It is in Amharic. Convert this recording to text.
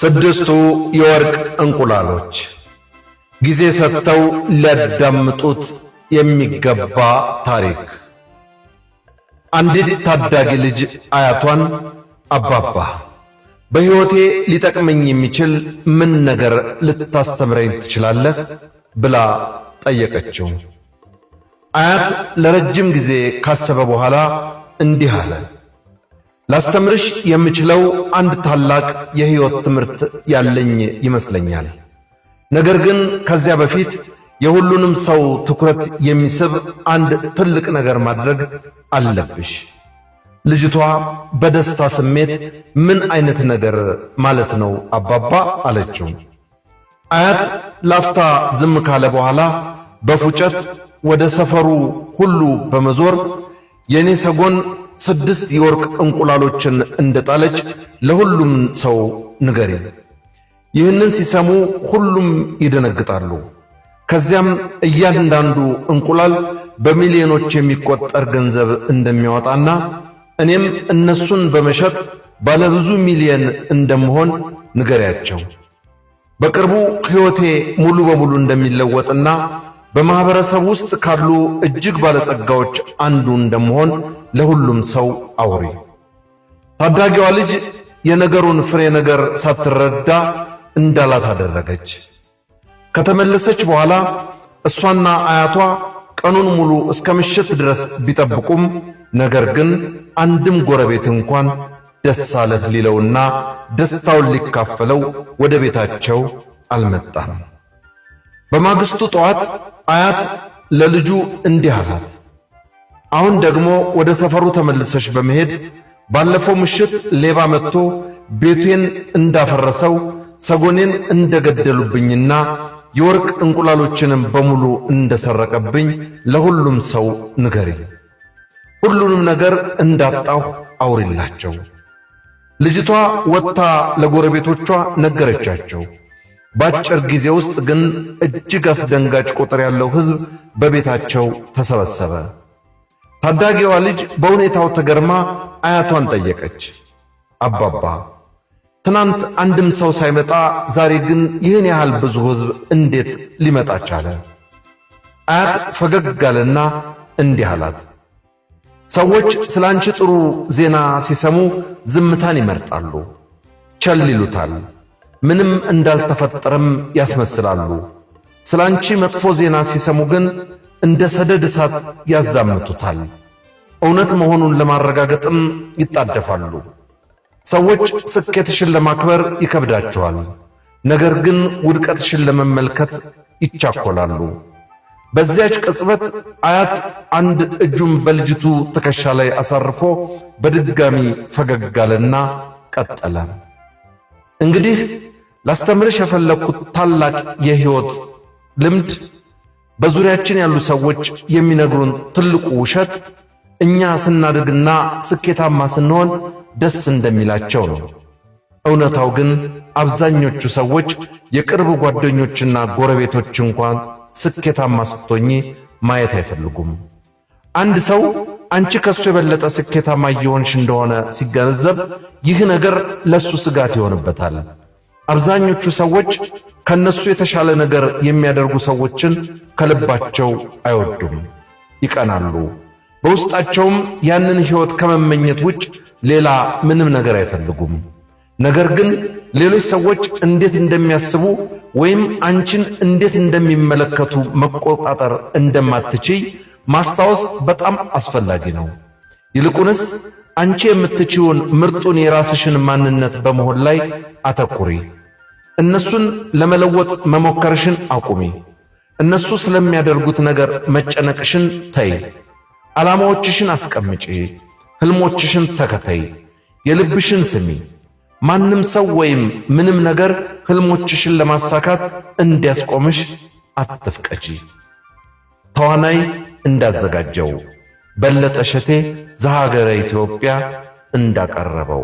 ስድስቱ የወርቅ እንቁላሎች ጊዜ ሰጥተው ሊያዳምጡት የሚገባ ታሪክ። አንዲት ታዳጊ ልጅ አያቷን አባባ፣ በሕይወቴ ሊጠቅመኝ የሚችል ምን ነገር ልታስተምረኝ ትችላለህ? ብላ ጠየቀችው። አያት ለረጅም ጊዜ ካሰበ በኋላ እንዲህ አለ። ላስተምርሽ የምችለው አንድ ታላቅ የሕይወት ትምህርት ያለኝ ይመስለኛል። ነገር ግን ከዚያ በፊት የሁሉንም ሰው ትኩረት የሚስብ አንድ ትልቅ ነገር ማድረግ አለብሽ። ልጅቷ በደስታ ስሜት ምን አይነት ነገር ማለት ነው አባባ አለችው። አያት ላፍታ ዝም ካለ በኋላ በፉጨት ወደ ሰፈሩ ሁሉ በመዞር የኔ ሰጎን ስድስት የወርቅ እንቁላሎችን እንደጣለች ለሁሉም ሰው ንገሪ። ይህንን ሲሰሙ ሁሉም ይደነግጣሉ። ከዚያም እያንዳንዱ እንቁላል በሚሊዮኖች የሚቆጠር ገንዘብ እንደሚያወጣና እኔም እነሱን በመሸጥ ባለብዙ ሚሊየን እንደምሆን ንገሪያቸው። በቅርቡ ሕይወቴ ሙሉ በሙሉ እንደሚለወጥና በማኅበረሰብ ውስጥ ካሉ እጅግ ባለጸጋዎች አንዱ እንደምሆን ለሁሉም ሰው አውሪ። ታዳጊዋ ልጅ የነገሩን ፍሬ ነገር ሳትረዳ እንዳላት አደረገች። ከተመለሰች በኋላ እሷና አያቷ ቀኑን ሙሉ እስከ ምሽት ድረስ ቢጠብቁም ነገር ግን አንድም ጎረቤት እንኳን ደስ አለህ ሊለውና ደስታውን ሊካፈለው ወደ ቤታቸው አልመጣም። በማግስቱ ጠዋት አያት ለልጁ እንዲህ አላት። አሁን ደግሞ ወደ ሰፈሩ ተመልሰሽ በመሄድ ባለፈው ምሽት ሌባ መጥቶ ቤቴን እንዳፈረሰው ሰጎኔን እንደገደሉብኝና የወርቅ እንቁላሎችንም በሙሉ እንደሰረቀብኝ ለሁሉም ሰው ንገሪ። ሁሉንም ነገር እንዳጣሁ አውሪላቸው። ልጅቷ ወጥታ ለጎረቤቶቿ ነገረቻቸው። በአጭር ጊዜ ውስጥ ግን እጅግ አስደንጋጭ ቁጥር ያለው ሕዝብ በቤታቸው ተሰበሰበ። ታዳጊዋ ልጅ በሁኔታው ተገርማ አያቷን ጠየቀች። አባባ ትናንት አንድም ሰው ሳይመጣ ዛሬ ግን ይህን ያህል ብዙ ሕዝብ እንዴት ሊመጣ ቻለ? አያት ፈገግ አለና እንዲህ አላት። ሰዎች ስለ አንቺ ጥሩ ዜና ሲሰሙ ዝምታን ይመርጣሉ፣ ቸል ይሉታል፣ ምንም እንዳልተፈጠረም ያስመስላሉ። ስለ አንቺ መጥፎ ዜና ሲሰሙ ግን እንደ ሰደድ እሳት ያዛምቱታል። እውነት መሆኑን ለማረጋገጥም ይጣደፋሉ። ሰዎች ስኬትሽን ለማክበር ይከብዳቸዋል። ነገር ግን ውድቀትሽን ለመመልከት ይቻኮላሉ። በዚያች ቅጽበት አያት አንድ እጁን በልጅቱ ትከሻ ላይ አሳርፎ በድጋሚ ፈገግ አለና ቀጠለ። እንግዲህ ላስተምርሽ የፈለግኩት ታላቅ የሕይወት ልምድ በዙሪያችን ያሉ ሰዎች የሚነግሩን ትልቁ ውሸት እኛ ስናድግና ስኬታማ ስንሆን ደስ እንደሚላቸው ነው። እውነታው ግን አብዛኞቹ ሰዎች የቅርብ ጓደኞችና ጎረቤቶች እንኳን ስኬታማ ስትሆኚ ማየት አይፈልጉም። አንድ ሰው አንቺ ከሱ የበለጠ ስኬታማ እየሆንሽ እንደሆነ ሲገነዘብ ይህ ነገር ለሱ ስጋት ይሆንበታል። አብዛኞቹ ሰዎች ከነሱ የተሻለ ነገር የሚያደርጉ ሰዎችን ከልባቸው አይወዱም፣ ይቀናሉ። በውስጣቸውም ያንን ሕይወት ከመመኘት ውጭ ሌላ ምንም ነገር አይፈልጉም። ነገር ግን ሌሎች ሰዎች እንዴት እንደሚያስቡ ወይም አንቺን እንዴት እንደሚመለከቱ መቆጣጠር እንደማትችይ ማስታወስ በጣም አስፈላጊ ነው። ይልቁንስ አንቺ የምትችውን ምርጡን የራስሽን ማንነት በመሆን ላይ አተኩሪ። እነሱን ለመለወጥ መሞከርሽን አቁሚ። እነሱ ስለሚያደርጉት ነገር መጨነቅሽን ተይ። ዓላማዎችሽን አስቀምጪ። ሕልሞችሽን ተከተይ። የልብሽን ስሚ። ማንም ሰው ወይም ምንም ነገር ሕልሞችሽን ለማሳካት እንዲያስቆምሽ አትፍቀጂ። ተዋናይ እንዳዘጋጀው በለጠ ሸቴ ዘሀገረ ኢትዮጵያ እንዳቀረበው